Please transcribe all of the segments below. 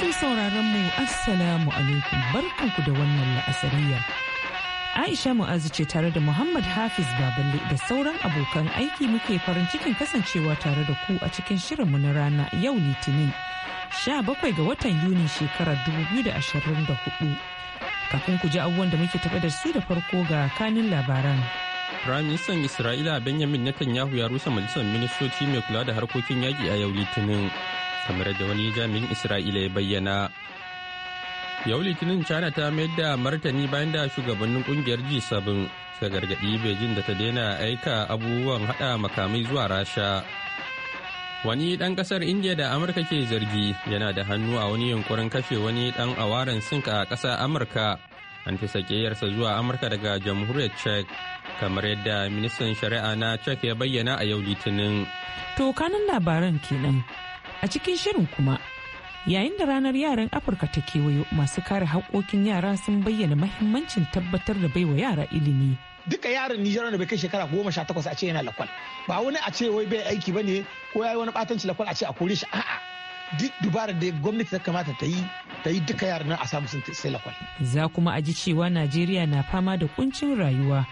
masu sauraron mu assalamu alaikum barkanku da wannan la'asariya. Aisha Mu'azu ce tare da Muhammad Hafiz Baballe da sauran abokan aiki muke farin cikin kasancewa tare da ku a cikin shirinmu na rana yau Litinin 17 ga watan Yuni shekarar 2024. Kafin ku ji abubuwan da muke taɓa da su da farko ga kanin labaran. Firaministan Isra'ila Benjamin Netanyahu ya rusa majalisar ministoci mai kula da harkokin yaƙi a yau Litinin. kamar da wani jami'in isra'ila ya bayyana yau litinin china ta mayar da martani bayan da shugabannin kungiyar g7 suka gargaɗi beijing da ta daina aika abubuwan haɗa makamai zuwa rasha wani ɗan ƙasar india da amurka ke zargi yana da hannu a wani yunkurin kashe wani ɗan awaren sink a ƙasa amurka an fi sakeyarsa zuwa amurka daga jamhuriyar czech kamar yadda ministan shari'a na czech ya bayyana a yau litinin. To kanan labaran kenan A cikin shirin kuma, yayin da ranar yaran Afirka ta kewayo masu kare haƙoƙin yara sun bayyana mahimmancin tabbatar da baiwa yara ilimi. duka yaran Nijar da bai kai shekara goma sha takwas a ce yana lakwal ba wani a ce wai bai aiki ba ne ko ya yi wani batanci lakwal a ce a kore shi a'a duk dubarar da gwamnati ta kamata ta yi ta yi duka yaran nan a samu sun sai lakwal. Za kuma a ji cewa Najeriya na fama da kuncin rayuwa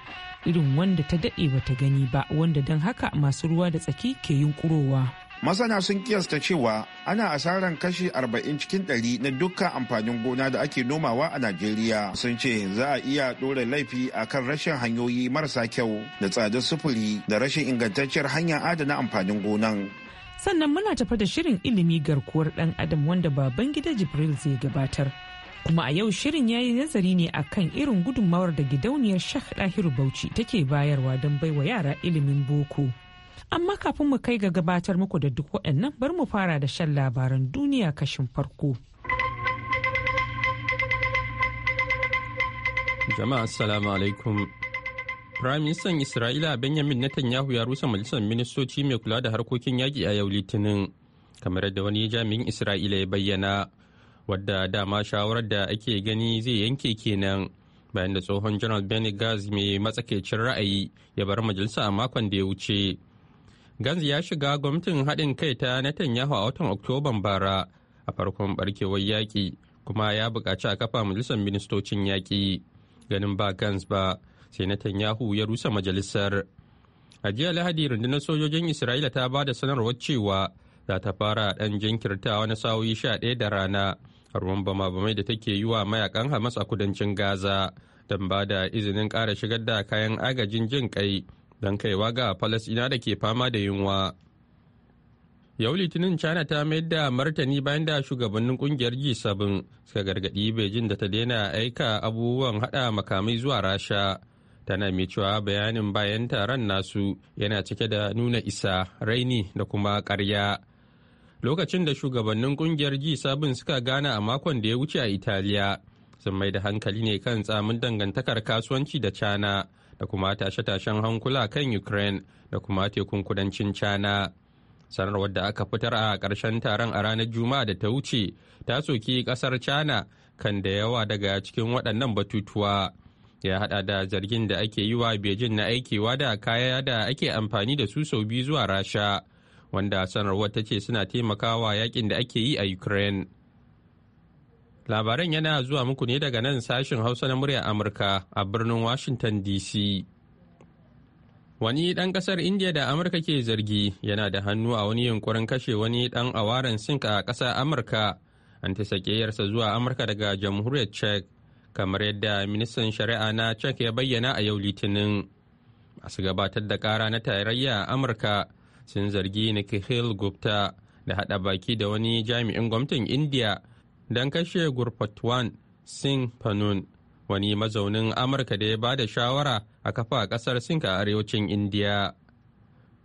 irin wanda ta daɗe bata gani ba wanda don haka masu ruwa da tsaki ke yunkurowa. masana sun kiyasta cewa ana asaran kashi 40 cikin 100 na dukkan amfanin gona da ake nomawa a najeriya sun ce za a iya ɗora laifi a kan rashin hanyoyi marasa kyau da tsadar sufuri da rashin ingantacciyar hanyar adana amfanin gonan sannan muna tafa da shirin ilimi garkuwar dan adam wanda baban gida jibril zai gabatar kuma a yau shirin ya yi nazari ne a kan irin gudunmawar da gidauniyar shah dahiru bauchi take bayarwa don baiwa yara ilimin boko Amma kafin mu kai ga gabatar muku da duk waɗannan bar mu fara da shan labaran duniya kashin farko. Jama'a Assalamu alaikum. Firaministan Isra'ila Benjamin Netanyahu ya rusa majalisar ministoci mai kula da harkokin yaƙi a yau Litinin, kamar yadda wani jami'in Isra'ila ya bayyana, wadda dama shawarar da ake gani zai yanke kenan bayan da tsohon General Benny Gaz mai matsakaicin ra'ayi ya bar majalisa a makon da ya wuce. Gantz ya shiga gwamnatin haɗin kai ta Netanyahu a watan Oktoban bara a farkon barkewar yaƙi kuma ya buƙaci a kafa majalisar ministocin yaƙi. Ganin ba gans ba sai Netanyahu ya rusa majalisar. A jiya Lahadi rundunar sojojin Isra'ila ta ba da sanarwar cewa za ta fara ɗan jinkirtawa na sa'o'i ɗaya da rana a ruwan bama-bamai da take yi wa mayakan Hamas a kudancin Gaza don ba da izinin ƙara shigar da kayan agajin jin kai. don kaiwa ga falasina da ke fama da yunwa yau litinin china ta mayar da martani bayan da shugabannin kungiyar g7 suka gargadi beijing da ta daina aika abubuwan hada makamai zuwa rasha tana mai cewa bayanin bayan taron nasu yana cike da nuna isa raini da kuma karya lokacin da shugabannin kungiyar g7 suka gana a makon da ya wuce a italiya sun mai da hankali ne kan tsamin dangantakar kasuwanci da china da kuma tashe-tashen hankula kan ukraine da kuma tekun kudancin china sanarwar da aka fitar a karshen taron a ranar juma'a da ta wuce ta soki ƙasar china kan da yawa daga cikin waɗannan batutuwa ya hada da zargin da ake yi wa beijing na aikewa da kaya da ake amfani da su sau biyu zuwa rasha wanda sanarwar ta ce suna taimakawa yakin da ake yi a ukraine Labaran yana zuwa muku ne daga nan sashin Hausa na murya Amurka a birnin Washington DC. Wani ɗan ƙasar India da Amurka ke zargi yana da hannu a wani yunkurin kashe wani ɗan awaren sink a ƙasar Amurka, an ta sakeyarsa zuwa Amurka daga jamhuriyar Czech, kamar yadda ministan shari'a na Czech ya bayyana a yau Litinin. Masu gabatar da kara na tarayya a Amurka sun zargi Nikhil Gupta da haɗa baki da wani jami'in gwamnatin India don kashe gurfatwan singh panun wani mazaunin amurka da ya ba da shawara a kafa kasar singh a arewacin indiya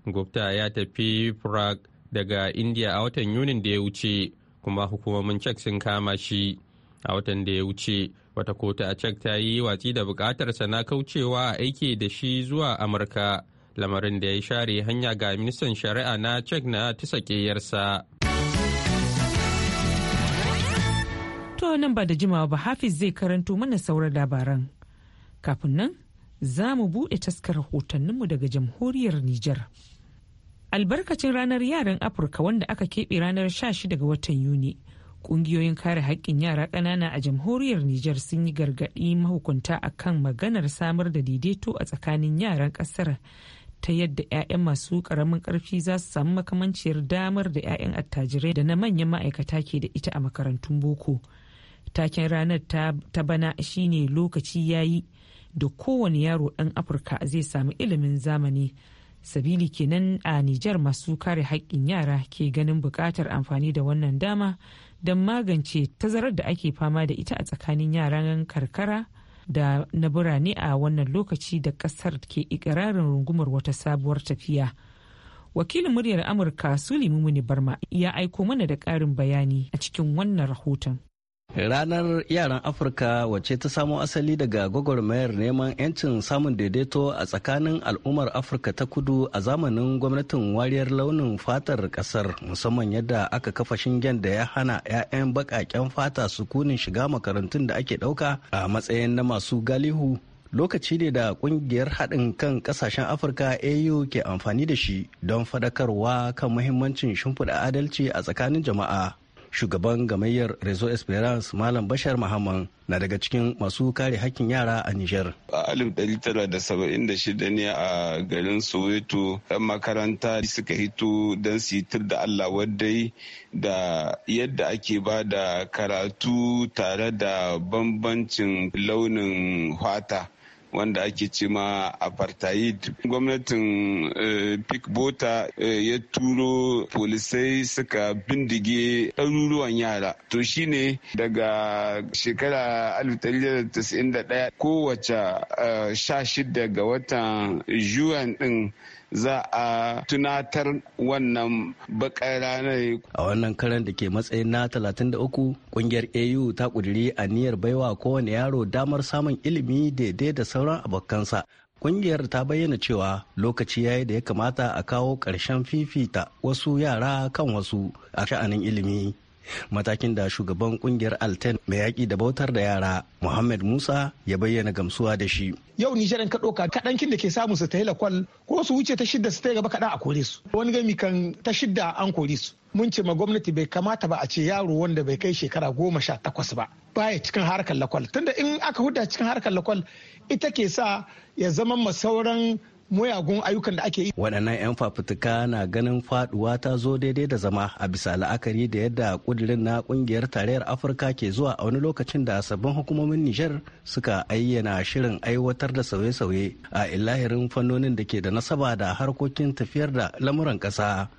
gupta ya tafi prague daga indiya a watan yunin da ya wuce kuma hukumomin cek sun kama shi a watan da ya wuce wata kotu a cek ta yi watsi da bukatarsa na kaucewa aiki da shi zuwa amurka lamarin da ya share hanya ga ministan shari'a na cek na tisa ƙeyarsa To nan ba da jimawa ba Hafiz zai karanto mana sauran labaran. Kafin nan za mu buɗe taskar hotonninmu daga jamhuriyar Nijar. Albarkacin ranar yaran Afirka wanda aka keɓe ranar 16 ga watan Yuni. Ƙungiyoyin kare haƙƙin yara ƙanana a jamhuriyar Nijar sun yi gargaɗi mahukunta a kan maganar samar da daidaito a tsakanin yaran ƙasar ta yadda 'ya'yan masu ƙaramin ƙarfi za su samu makamanciyar damar da 'ya'yan attajirai da na manyan ma'aikata ke da ita a makarantun boko taken ranar ta bana shine lokaci ya yi da kowane yaro ɗan afirka zai samu ilimin zamani sabili kenan a nijar masu kare haƙƙin yara ke ganin buƙatar amfani da wannan dama don magance tazarar da ake fama da ita a tsakanin yaran karkara da na birane a wannan lokaci da ƙasar ke ikirarin rungumar wata sabuwar tafiya. wakilin muryar amurka sulimi muni barma ya aiko mana da ƙarin bayani a cikin wannan rahoton Ranar yaran Afirka wace ta samo asali daga gwagwarmayar neman 'yancin samun daidaito a tsakanin al'ummar Afirka ta kudu a zamanin gwamnatin wariyar launin fatar kasar musamman yadda aka kafa shingen da ya hana 'ya'yan baƙaƙen fata su kunin shiga makarantun da ake ɗauka a matsayin na masu galihu lokaci ne da kungiyar haɗin kan ƙasashen afirka au ke amfani da shi don faɗakarwa kan muhimmancin shimfiɗa adalci a tsakanin jama'a shugaban gamayyar rezo esperance malam bashar muhammad na daga cikin masu kare hakkin yara a nijar. a 1976 ne a garin soweto yan makaranta suka hito don sitir da allah wadai da yadda ake ba da karatu tare da bambancin launin fata wanda ake ce ma apartheid gwamnatin pik eh, bota eh, ya turo polisai suka bindige ɗaruruwan yara to shine daga shekara 1991 kowace 16 eh, ga watan juan din za a tunatar wannan bakar ranar. A wannan karan da ke matsayin na 33 kungiyar AU ta kuduri niyyar baiwa kowane yaro damar samun ilimi daidai da sauran abokansa. Kungiyar ta bayyana cewa lokaci ya da ya kamata a kawo ƙarshen fifita wasu yara kan wasu a sha'anin ilimi matakin da shugaban kungiyar alten mai yaƙi da bautar da yara muhammad musa ya bayyana gamsuwa da shi yau nijarin ka ɗauka kaɗankin da ke samu su ta yi lakwal ko su wuce ta shidda su ta gaba kaɗan a kore su wani gami kan ta shidda an kore su mun ce ma gwamnati bai kamata ba a ce yaro wanda bai kai shekara goma sha takwas ba baya cikin harkar lakwal tunda in aka huda cikin harkar lakwal ita ke sa ya zama ma sauran muyagun ayyukan da ake yi. Waɗannan 'yan fafutuka na ganin faɗuwa ta zo daidai da zama a bisa la'akari da yadda kudirin na kungiyar tarayyar Afirka ke zuwa a wani lokacin da sabbin hukumomin Nijar suka ayyana shirin aiwatar da sauye-sauye a ilahirin fannonin da ke da nasaba da harkokin tafiyar da lamuran ƙasa.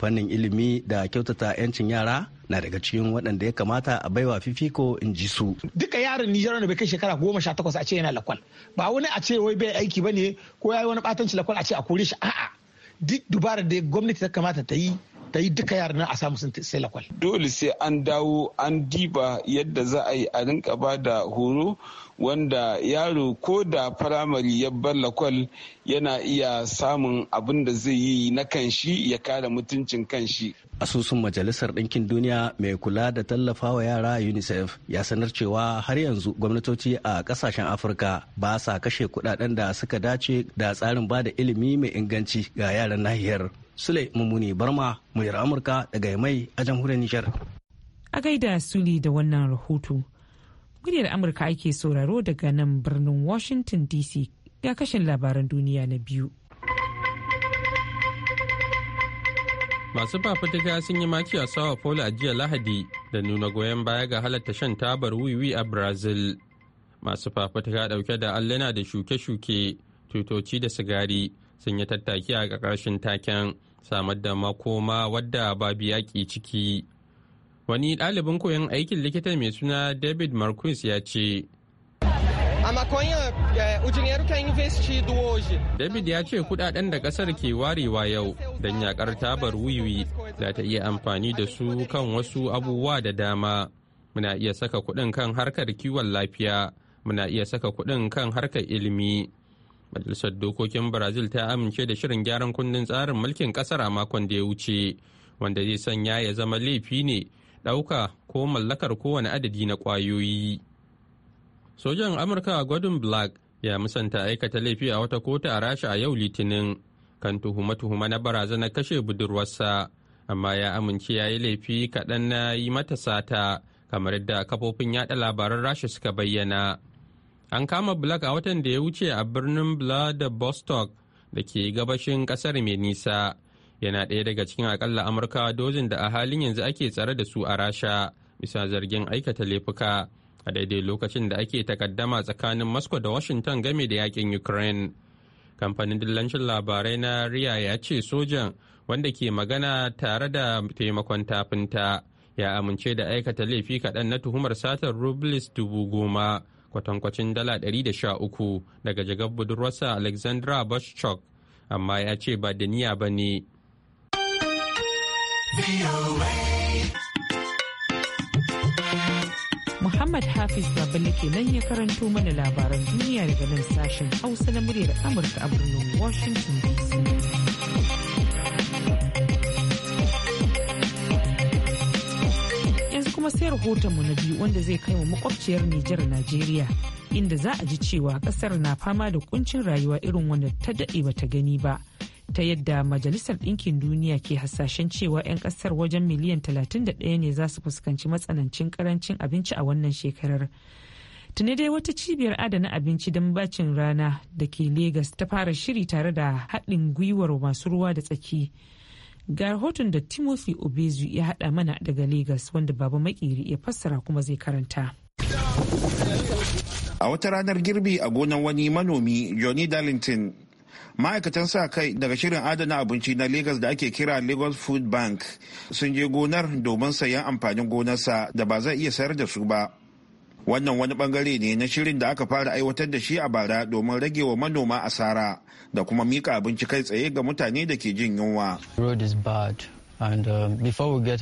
fannin ilimi da kyautata 'yancin yara na daga cikin waɗanda ya kamata a baiwa fifiko in ji su. Duka yaron Nijar da bai kai shekara goma sha takwas a ce yana lakwal. Ba wani a ce wai bai aiki ba ne ko ya yi wani batanci lakwal a ce a kore shi a'a. Duk dubarar da gwamnati ta kamata ta yi ta yi duka yaran a samu sun sai lakwal. Dole sai an dawo an diba yadda za a yi a rinka ba da horo wanda yaro ko da firamare ya bar lakwal yana iya samun abin da zai yi na kanshi ya kare mutuncin kanshi. Asusun Majalisar Ɗinkin Duniya mai kula da tallafa wa yara UNICEF ya sanar cewa har yanzu gwamnatoci a ƙasashen Afirka ba sa kashe kuɗaɗen da suka dace da tsarin ba da ilimi mai inganci ga yaran nahiyar. Sule Mummuni Barma, muryar Amurka daga mai a jamhuriyar Nijar. A gaida Suli da wannan rahoto. muryar amurka ake sauraro daga nan birnin washington dc ga kashin labaran duniya na biyu masu fafutuka sun yi maki a sawa a jiya lahadi da nuna goyon baya ga halatta shan tabar wiwi a brazil masu fafutuka dauke da alluna da shuke-shuke tutoci da sigari sun yi tattaki a ƙarƙashin taken samar da makoma wadda babu yaƙi ciki wani ɗalibin koyon aikin likita mai suna david marquis ya ce eh, David ya ce kudaden da kasar ke warewa yau don yakar tabar wiwi za ta iya amfani da su kan wasu abubuwa da dama. Muna iya saka kudin kan harkar kiwon lafiya, muna iya saka kudin kan harkar ilimi. Majalisar Dokokin Brazil ta amince da shirin gyaran kundin tsarin mulkin kasar a makon da ya wuce, wanda zai sanya ya zama laifi ne ɗauka ko mallakar kowane adadi na kwayoyi. Sojan Amurka Gordon Black ya musanta aikata laifi a wata kotu a Rasha a yau Litinin kan tuhuma-tuhuma na barazanar kashe budurwarsa, amma ya amince ya yi laifi kaɗan na yi mata sata kamar yadda kafofin yaɗa labaran Rasha suka bayyana. An kama Black a watan da ya wuce a birnin Vladivostok da ke gabashin ƙasar mai nisa. yana ɗaya daga cikin akalla amurka dozin da a halin yanzu ake tsare da su a rasha bisa zargin aikata laifuka a daidai lokacin da ake takaddama tsakanin moscow da washington game da yakin ukraine kamfanin dillancin labarai na riya ya ce sojan wanda ke magana tare da taimakon tafinta ya amince da aikata laifi kaɗan na tuhumar satar rublis dubu goma kwatankwacin dala ɗari da sha uku daga jigar budurwarsa alexandra boschok amma ya ce ba da niyya ba ne Muhammad Hafiz ke nan ya karanto mana labaran duniya daga nan sashen Hausa na muryar Amurka a birnin Washington DC. Yanzu kuma sai rahotonmu na biyu wanda zai kai wa makwabciyar Nijar Najeriya inda za a ji cewa kasar na fama da kuncin rayuwa irin wanda ta daɗe bata gani ba. ta yadda majalisar ɗinkin duniya ke hasashen cewa 'yan ƙasar wajen miliyan 31 ne za su fuskanci matsanancin karancin abinci a wannan shekarar tuni dai wata cibiyar adana abinci don bacin rana da ke Legas ta fara shiri tare da haɗin gwiwar masu ruwa da tsaki ga rahoton da timothy obezu ya haɗa mana daga Legas wanda baba makiri ya fassara kuma zai karanta a wata ranar girbi a gonan wani manomi johnny darlington ma'aikatan sa kai daga shirin adana abinci na lagos da ake kira lagos food bank sun je gonar domin sayan amfanin gonarsa da ba zai iya sayar da su ba wannan wani bangare ne na shirin da aka fara aiwatar da shi a bara domin rage wa manoma asara da kuma mika abinci kai tsaye ga mutane da ke jin yunwa And um, ya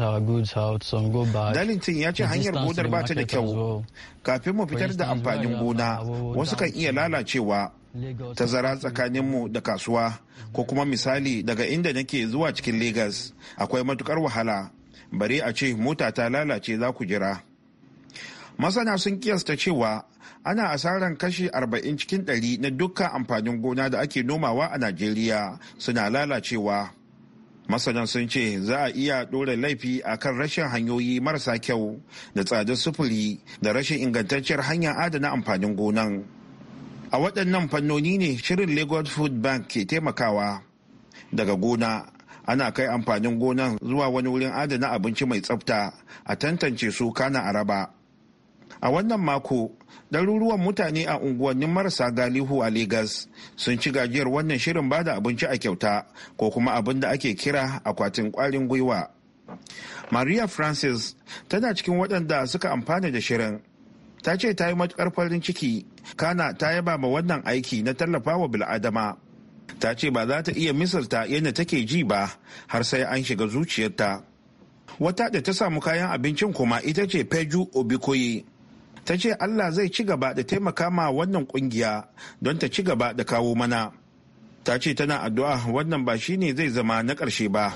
ce hanyar gonar ba ta da kyau. Kafin mu fitar da amfanin gona, wasu kan iya lalacewa. tazara tsakaninmu da kasuwa ko kuma misali daga inda nake zuwa cikin Legas akwai matukar wahala bari a ce mota ta lalace za ku jira. Masana sun kiyasta cewa ana asaran kashi 40 cikin 100 na dukkan amfanin gona da ake nomawa a Najeriya suna lalacewa. masana sun ce za a iya ɗora laifi a kan rashin hanyoyi marasa kyau da tsadar sufuri da rashin ingantacciyar hanyar adana amfanin gonan. a waɗannan fannoni ne shirin lagos food bank ke taimakawa daga gona ana kai amfanin gonan zuwa wani wurin adana abinci mai tsafta a tantance su kana a raba a wannan mako ɗaruruwan mutane a unguwannin marasa galihu a Legas sun ci gajiyar wannan shirin bada abinci a kyauta ko kuma abin da ake kira akwatin kwarin gwiwa maria francis tana cikin waɗanda suka amfana da shirin ta ce ta yi matukar farin ciki kana ta yaba ma wannan aiki na tallafa tallafawa bil'adama ta ce ba za ta iya misalta yadda take ji ba har sai an shiga zuciyarta wata da ta samu kayan abincin kuma ita ce peju obikoye ta ce allah zai ci gaba da taimaka ma wannan kungiya don ta ci gaba da kawo mana ta ce tana addu'a wannan ba shi ne zai zama na ƙarshe ba.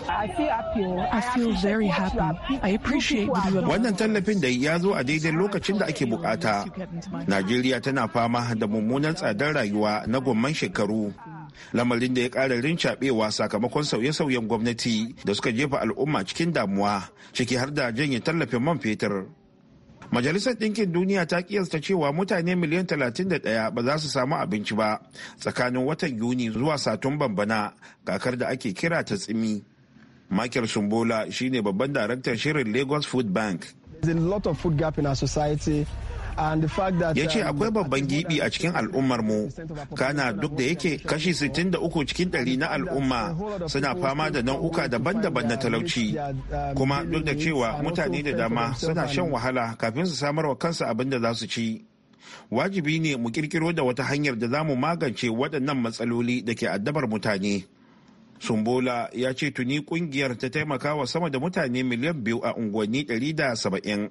Wannan tallafin da ya zo a daidai lokacin da ake bukata. Najeriya tana fama da mummunan tsadar rayuwa na gomman shekaru. lamarin da ya ƙara rincaɓewa sakamakon sauye-sauyen gwamnati da suka jefa al'umma cikin damuwa ciki har da janye tallafin man fetur Majalisar Ɗinkin Duniya ta kiyasta cewa mutane miliyan 31 ba za su samu abinci ba tsakanin watan Yuni zuwa Satumban bana kakar da ake kira ta tsimi. Michael Sumbola shine babban daraktan shirin Lagos Food Bank. There's a lot of food gap in society ya ce um, akwai babban gibi a cikin al'ummar mu kana duk da yake kashi 63 cikin ɗari na al'umma suna fama da nau'uka daban-daban na talauci um, kuma duk da cewa mutane da dama suna shan wahala kafin su samar wa kansu abin da za su ci wajibi ne mu kirkiro da wata hanyar da za mu magance waɗannan matsaloli da ke addabar mutane sumbola ya ce tuni kungiyar ta taimaka wa sama da mutane miliyan biyu a unguwanni 170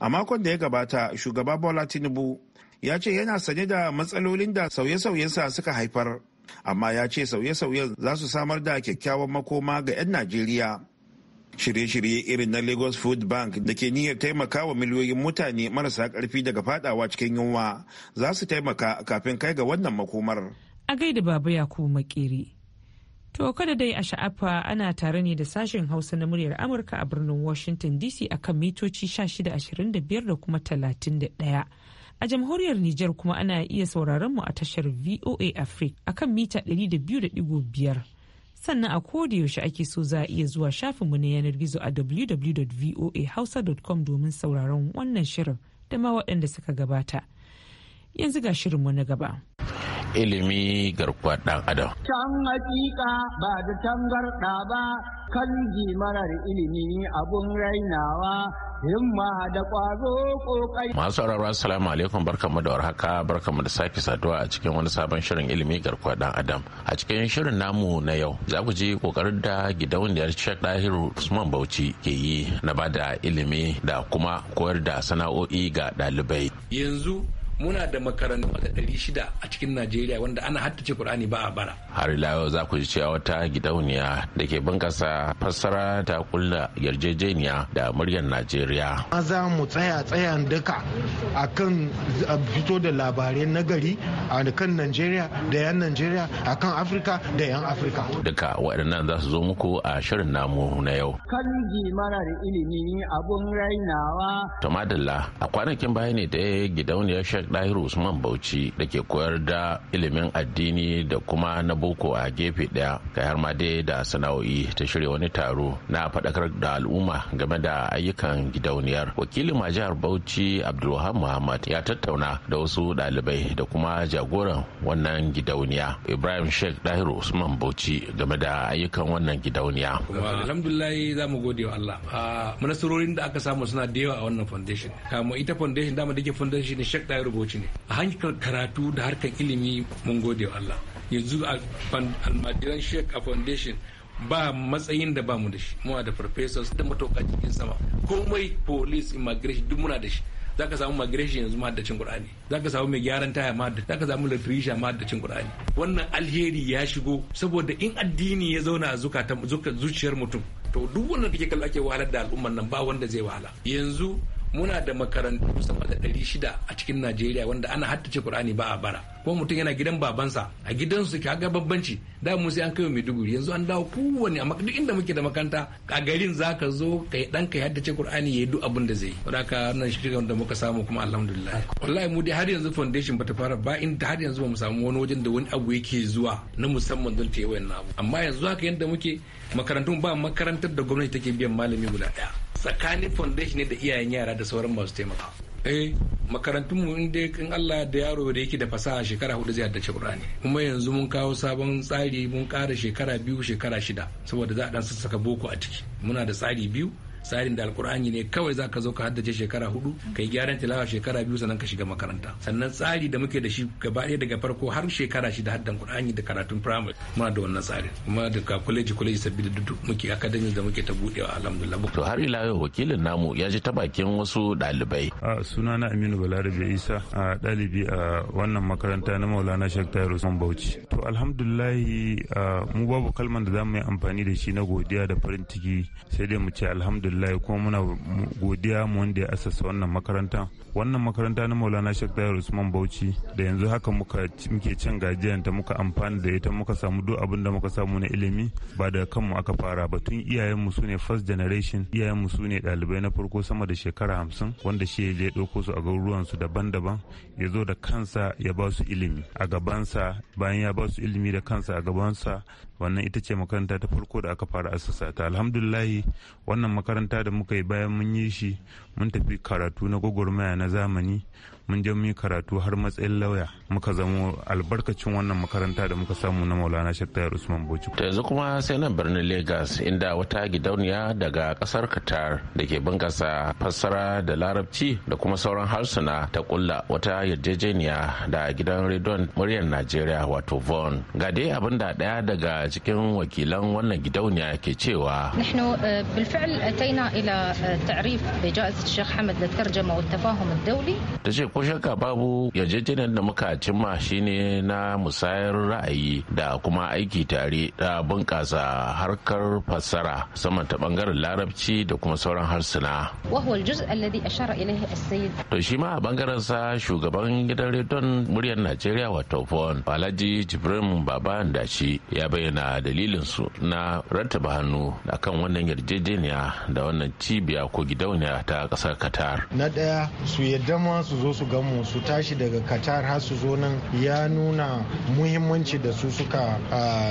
a makon da ya gabata shugaba bola tinubu ya ce yana sane da matsalolin da sauye sauyen sa suka haifar amma ya ce sauye-sauyen za su samar da kyakkyawan makoma ga 'yan najeriya shirye-shirye irin na lagos food bank da ke niyyar taimaka wa miliyoyin mutane marasa karfi daga fadawa cikin yunwa za su taimaka kafin kai ga wannan makomar a gaida baba ya makeri To kada dai a sha'afa ana tare ne da sashen Hausa na muryar Amurka a birnin Washington DC akan mitoci 1625 da kuma 31. A jamhuriyar Nijar kuma ana iya sauraron mu a tashar VOA Africa akan mita 200.5. Sannan a yaushe ake so za a iya zuwa shafinmu na yanar gizo a www.voahausa.com domin sauraron wannan shirin da ma waɗanda suka gabata. Yanzu ga shirinmu na gaba. ilimi garkuwar ɗan adam. Can hakika ba da tangarɗa ba kan marar ilimi abun rainawa himma da ƙwazo ƙoƙari. Masu sauraro assalamu alaikum barkamu da warhaka barkamu da sake saduwa a cikin wani sabon shirin ilimi garkuwar ɗan adam. A cikin shirin namu na yau za ku je ƙoƙarin da gidauniyar Sheikh Dahiru Usman Bauchi ke yi na ba da ilimi da kuma koyar da sana'o'i ga ɗalibai. Yanzu muna da makarantu da ɗari shida a cikin najeriya wanda ana haddace kur'ani ba a bara har ila yau za ku ji cewa wata gidauniya da ke bunkasa fassara ta kulla yarjejeniya da muryar najeriya za mu tsaya tsayan daka kan fito da labarai na gari a kan najeriya da yan najeriya a kan afirka da yan afirka duka waɗannan za su zo muku a shirin namu na yau kan mana da ilimi abun rainawa a kwanakin baya ne da gidauniyar Dahiru Usman Bauchi da ke koyar da ilimin addini da kuma na boko a gefe daya kai har ma dai da sana'o'i ta shirya wani taro na faɗakar da al'umma game da ayyukan gidauniyar. Wakilin ma jihar Bauchi abdulrahman Muhammad ya tattauna da wasu dalibai da kuma jagoran wannan gidauniya Ibrahim Sheikh Dahiru Usman Bauchi game da ayyukan wannan gidauniya. Alhamdulillah za mu gode wa Allah. Manasarorin da aka samu suna da yawa a wannan foundation. kama ita foundation dama da ke foundation ne Sheikh Dahiru goci ne a hanyar karatu da harkar ilimi mun gode wa Allah yanzu almajiran sheik a foundation ba matsayin da ba mu da shi muna da professors da matoka cikin sama komai police immigration duk muna da shi za ka samu migration yanzu ma da cin qur'ani za ka samu mai gyaran taya ma da za ka samu ma da cin qur'ani wannan alheri ya shigo saboda in addini ya zauna a zuciyar mutum to duk wannan kake kallo ake wahalar da al'umman nan ba wanda zai wahala yanzu muna da makarantu sama da ɗari shida a cikin najeriya wanda ana haddace kur'ani ba a bara kuma mutum yana gidan babansa a gidansu ka ga babbanci da mu sai an kai maiduguri yanzu an dawo kowane amma duk inda muke da makaranta a garin za ka zo kai dan kai haddace qur'ani yi duk abin da zai yi haka nan shirin da muka samu kuma alhamdulillah wallahi mu dai har yanzu foundation bata fara ba in inda har yanzu bamu samu wani wajen da wani abu yake zuwa na musamman don ta yi wayan abu amma yanzu haka yanda muke makarantun ba makarantar da gwamnati take biyan malami guda daya tsakanin foundation ne da iyayen yara da sauran masu taimaka eh makarantunmu mu inda kan Allah da yaro da yake da fasaha shekara hudu zai haddace Qur'ani kuma yanzu mun kawo sabon tsari mun kara shekara biyu shekara shida saboda za a dan sassaka boko a ciki muna da tsari biyu tsarin da alkur'ani ne kawai za ka zo ka haddace shekara hudu ka yi gyaran tilawa shekara biyu sannan ka shiga makaranta sannan tsari da muke da shi gaba ɗaya daga farko har shekara shida haddan kur'ani da karatun firamare muna da wannan tsarin kuma daga kwaleji kwaleji sabbi da duk muke academy da muke ta budewa alhamdulillah to har ila yau wakilin namu ya ji ta bakin wasu ɗalibai a sunana aminu balarabe isa a ɗalibi a wannan makaranta na maulana shek tayar usman bauchi to alhamdulillahi mu babu kalman da za mu yi amfani da shi na godiya da farin ciki sai dai mu ce alhamdulillah alhamdulillah kuma muna godiya mu wanda ya asasa wannan makaranta wannan makaranta na maulana shek dayar usman bauchi da yanzu haka muka muke cin gajiyanta muka amfani da ita muka samu duk abin da muka samu na ilimi ba da kanmu aka fara ba tun iyayenmu su ne first generation iyayenmu su ne dalibai na farko sama da shekara hamsin wanda shi ya je ɗauko su a garuruwan su daban-daban ya zo da kansa ya ba su ilimi a gabansa bayan ya ba su ilimi da kansa a gabansa wannan ita ce makaranta ta farko da aka fara asasa ta alhamdulillahi wannan makaranta da muka yi bayan mun yi shi mun tafi karatu na gwagwarmaya na zamani mun je muyi karatu har matsayin lauya muka zamo albarkacin wannan makaranta da muka samu na maulana shaktayar usman bocci ta yanzu kuma sai nan birnin lagos inda wata gidauniya daga kasar qatar da ke bunkasa fassara da larabci da kuma sauran harsuna ta kulla wata yarjejeniya da gidan rediyon muryar najeriya wato von ga dai abin da daya daga cikin wakilan wannan gidauniya ke cewa eh, eh, ta ce ko shakka babu yarjejeniyar da muka cimma shine na musayar ra'ayi da kuma aiki tare da bunƙasa harkar fassara saman ta bangaren larabci da kuma sauran harsuna. To shi ma a bangaren sa shugaban gidan rediyon muryar Najeriya wato Fon Alhaji Jibrin Baba shi ya bayyana dalilin su na rattaba hannu akan wannan yarjejeniya da wannan cibiya ko gidauniya ta kasar Qatar. Na daya su yadda ma su zo su mu su tashi daga qatar har su zo nan ya nuna muhimmanci da su suka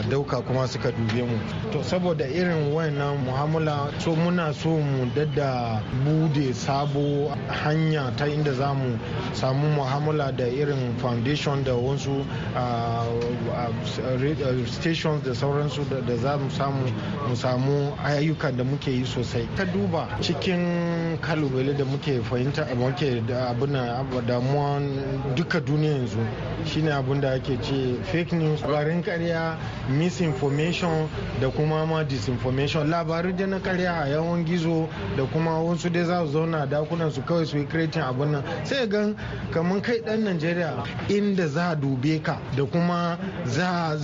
dauka kuma suka dube mu to saboda irin wannan muhammala so muna so mu dadda bude sabo hanya ta inda za mu samu muhammala da irin foundation da wasu stations da sauransu da za mu samu mu samu ayyukan da muke yi sosai ta duba cikin kalubale da muke fahimta muke abin damuwa duka duniya yanzu shine abin da ake ce fake news labarin karya misinformation da kuma ma disinformation labarin da na karya a yawan gizo da kuma wasu dai za su zauna dakunan su kawai su yi kretin abin nan sai gan kamar kai dan najeriya inda za a dube ka da kuma za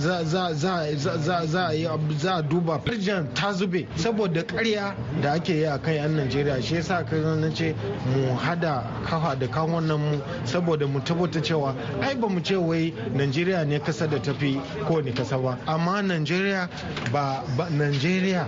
a duba firjan ta zube saboda karya da ake yi a kai yan najeriya shi yasa kai zan ce mu hada kafa da kan wannan mu saboda mu tabbata cewa ai ba mu ce wai najeriya ne kasa da tafi ni kasa ba amma najeriya ba najeriya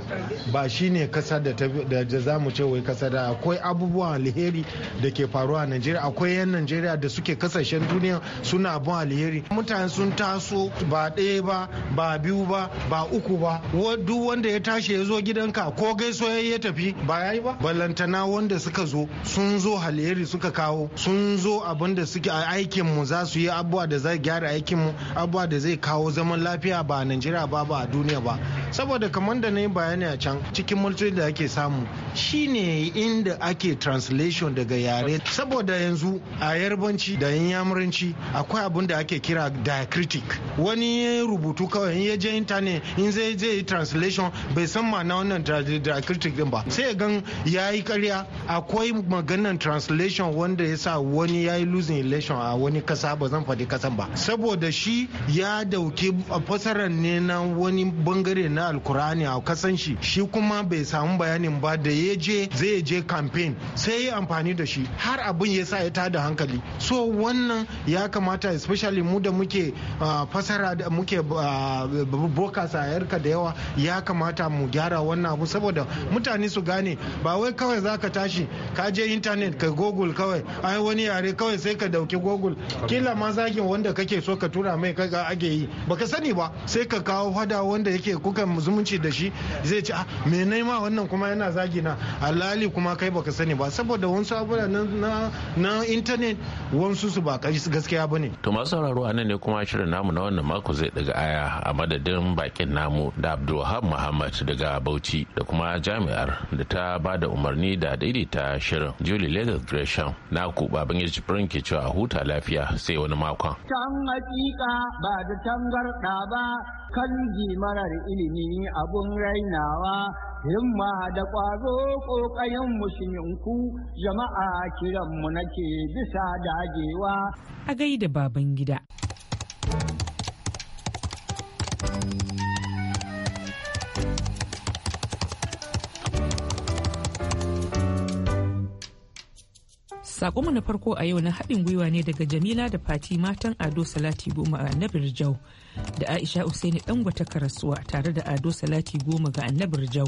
ba shine kasa da da za mu ce wai kasa da akwai abubuwan alheri da ke faruwa a najeriya akwai yan najeriya da suke kasashen duniya suna abun alheri mutane sun taso ba ɗaya ba ba biyu ba ba uku ba duk wanda ya tashi ya zo gidanka ko gaiso ya tafi ba yayi ba balantana wanda suka zo sun zo alheri suka kawo sun zo zo abin da suke a aikin mu za su yi abubuwa da zai gyara aikin mu abubuwa da zai kawo zaman lafiya ba a Najeriya ba ba a duniya ba saboda kamar da na yi bayani a can cikin mulkin da ake samu shine inda ake translation daga yare saboda yanzu a yarbanci da yamuranci akwai abin da ake kira diacritic wani ya rubutu kawai in ya je intanet in zai zai yi translation bai san ma na wannan diacritic din ba sai gan ya yi karya akwai maganan translation wanda ya sa wani in ya yi losing election a wani kasa ba zan faɗi kasan ba saboda shi ya dauki fasarar ne na wani bangare na alkur'ani a kasan shi shi kuma bai samu bayanin ba da ya je zai je campaign sai ya amfani da shi har abin ya sa ya tada hankali so wannan ya kamata especially mu da muke fasara da muke boka sayarka da yawa ya kamata mu gyara wannan abu saboda mutane su gane ba wai kawai zaka tashi ka je internet ka google kawai ai wani yare mutane kawai sai ka dauki google kila ma zagin wanda kake so ka tura mai kaga ake yi baka sani ba sai ka kawo fada wanda yake kuka zumunci da shi zai ce ah, me nai ma wannan kuma yana zagi na alali kuma kai baka sani ba saboda wasu abubuwa na internet wasu su ba gaskiya bane to masu sauraro a nan ne kuma shirin namu na wannan mako zai daga aya a madadin bakin namu da Abdulwahab Muhammad daga Bauchi da kuma jami'ar da ta ba da umarni da daidaita shirin Julie leda Gresham na ku baban jibrin ke cewa a huta lafiya sai wani makon. Can hakika ba da tangarɗa ba kan marar ilimi abun rainawa himma da ƙwazo ƙoƙayen musulminku jama'a kiranmu nake bisa dagewa. A gaida baban gida. Sakonmu na farko a yau na haɗin gwiwa ne daga Jamila da Fati matan Ado Salati Goma a Annabir Jau da Aisha Usaini Dangwata Karasuwa tare da Ado Salati Goma ga Annabir Jau.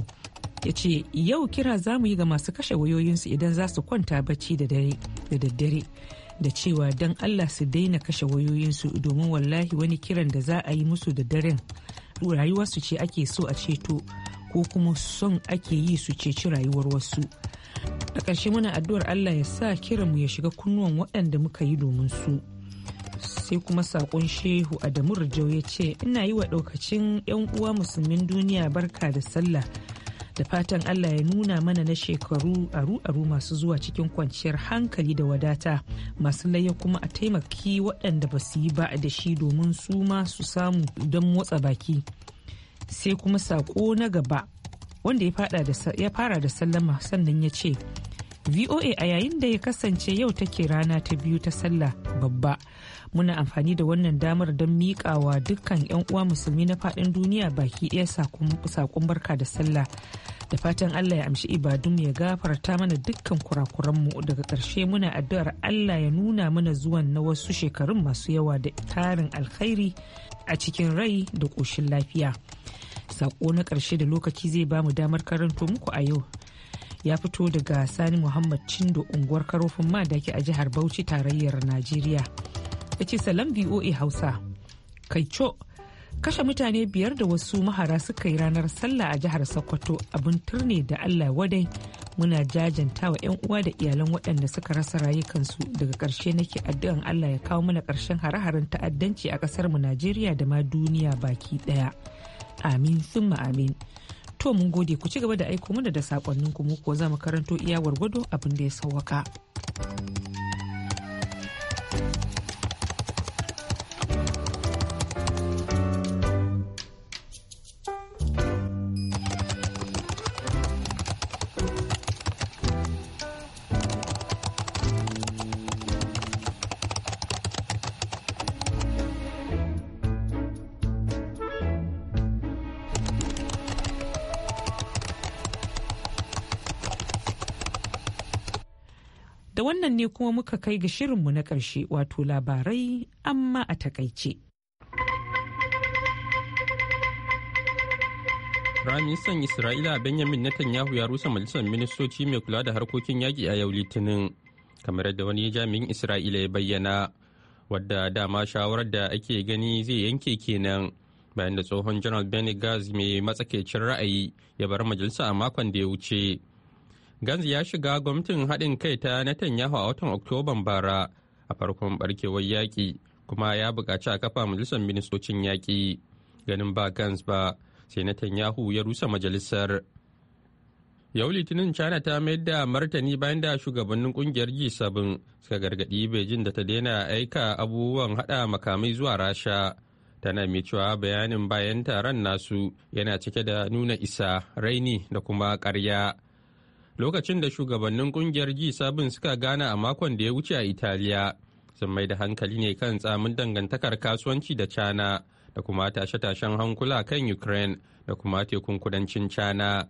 Ya ce yau kira za mu yi ga masu kashe wayoyinsu idan za su kwanta bacci da daddare da cewa dan Allah su daina kashe wayoyinsu domin wallahi wani kiran da za a yi musu da daren rayuwarsu ce ake so a ceto ko kuma son ake yi su ceci rayuwar wasu. a ƙarshe muna addu'ar allah ya sa kiranmu ya shiga kunnuwan waɗanda muka yi domin su sai kuma sakon shehu adamu rijau ya ce ina yi wa ɗaukacin 'yan uwa musulmin duniya barka da sallah da fatan allah ya nuna mana na shekaru aru-aru masu zuwa cikin kwanciyar hankali da wadata masu layya kuma a taimaki waɗanda ba su yi ba da shi domin su ma su samu don motsa baki sai kuma sako na gaba wanda ya fara da sallama sannan ya ce VOA a yayin da ya kasance yau take rana ta biyu ta sallah babba. Muna amfani da wannan damar don miƙawa dukkan 'yan uwa musulmi na faɗin duniya baki ɗaya saƙon barka da sallah. Da fatan Allah ya amshi ibadun ya gafarta mana dukkan kurakuranmu daga ƙarshe muna addu'ar Allah ya nuna mana zuwan na wasu shekarun masu yawa da tarin alkhairi a cikin rai da ƙoshin lafiya. Sako na ƙarshe da lokaci zai ba mu damar karanto muku a yau ya fito daga sani muhammad cindo unguwar karofin ma madaki a jihar bauchi tarayyar najeriya ya ce salam voa hausa co kashe mutane biyar da wasu mahara suka yi ranar sallah a jihar sokoto abin turne da allah wadai muna jajanta wa 'yan uwa da iyalan waɗanda suka rasa rayukansu daga ƙarshe nake addu'an allah ya kawo mana ƙarshen hare-haren ta'addanci a ƙasarmu mu najeriya da ma duniya baki ɗaya amin summa amin To mun gode ku ci gaba da aiko mana da sakonninku mu kuwa za mu karanto iya gwargwado abin da ya sauwaka. Da wannan ne kuma muka kai ga shirinmu na ƙarshe wato labarai amma a takaice. Firaministan Isra'ila Benjamin Netanyahu ya rusa majalisar ministoci mai kula da harkokin yaƙi a yau Litinin, kamar yadda wani jami'in Isra'ila ya bayyana, wadda dama shawarar da ake gani zai yanke kenan bayan da tsohon General Benny Gaz mai matsakaicin ra'ayi ya bar majalisa a makon da ya wuce. gans ya shiga gwamnatin haɗin kai ta Netanyahu a watan Oktoban bara a farkon barkewar yaƙi kuma ya buƙaci a kafa majalisar ministocin yaƙi. Ganin ba gans ba sai Netanyahu ya rusa majalisar. Yau Litinin China ta mayar da martani bayan da shugabannin ƙungiyar G7 suka gargaɗi Beijing da ta daina aika abubuwan haɗa makamai zuwa Rasha. Tana mai cewa bayanin bayan taron nasu yana cike da nuna isa, raini da kuma ƙarya. lokacin da shugabannin kungiyar ji sabin suka gana a makon da ya wuce a italiya sun mai da hankali ne kan tsamin dangantakar kasuwanci da china da kuma tashe-tashen hankula kan ukraine da kuma tekun kudancin china.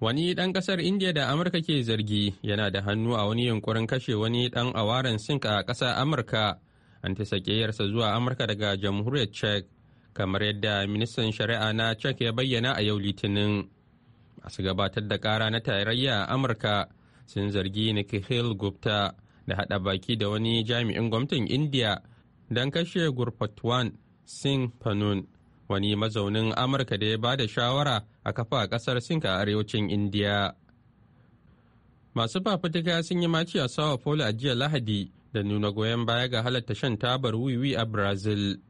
wani dan kasar india da amurka ke zargi yana da hannu a wani yunkurin kashe wani ɗan awaren sink a ƙasar amurka an ta yarsa zuwa amurka daga jamhuriyar czech kamar yadda ministan shari'a na czech ya bayyana a yau litinin masu gabatar da kara na tarayya a amurka sun zargi nikhil gupta da hada baki da wani jami'in gwamnatin india don kashe gurfatwan singh panun wani mazaunin amurka da ya ba da shawara a kafa kasar sinka a arewacin indiya masu fafutuka sun yi maci a sawa a jiya lahadi da nuna goyon baya ga halatta shan tabar wiwi a brazil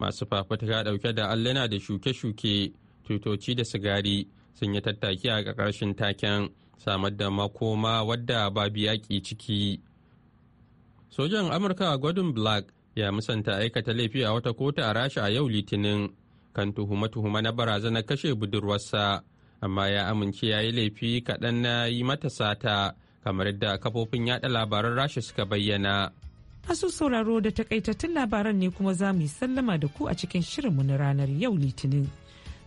masu fafutuka dauke da allina da shuke-shuke tutoci da sigari sun yi tattaki a ƙarƙashin taken samar da makoma wadda babu yaƙi ciki sojan amurka gordon black ya musanta aikata laifi a wata kotu a rasha a yau litinin kan tuhuma-tuhuma na barazanar kashe budurwarsa amma ya amince ya yi laifi kaɗan na yi mata sata kamar yadda kafofin yaɗa labaran rasha suka bayyana masu sauraro da takaitattun labaran ne kuma za mu yi sallama da ku a cikin shirinmu na ranar yau litinin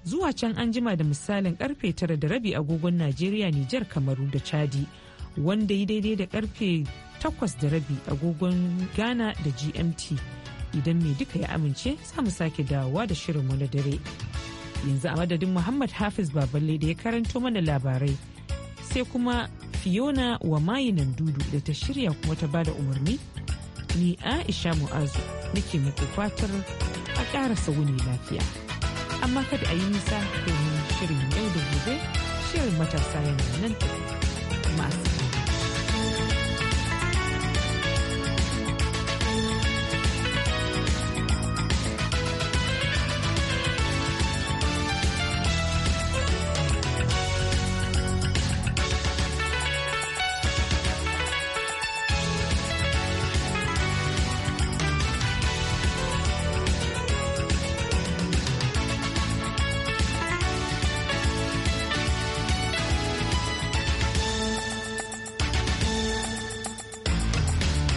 zuwa can an jima da misalin karfe tara da rabi agogon najeriya nijar kamaru da chadi wanda yi daidai da karfe takwas da rabi agogon ghana da gmt idan mai duka ya amince za mu sake dawowa da shirin wani dare yanzu a madadin muhammad hafiz baballe da ya karanto mana labarai sai kuma fiona wa mayinan dudu da ta shirya kuma ta bada umarni ni aisha mu'azu nake muku fatar a ƙarasa wuni lafiya. amma kada a yi nisa domin shirin yau da gobe shirin matasa yana nan tafi.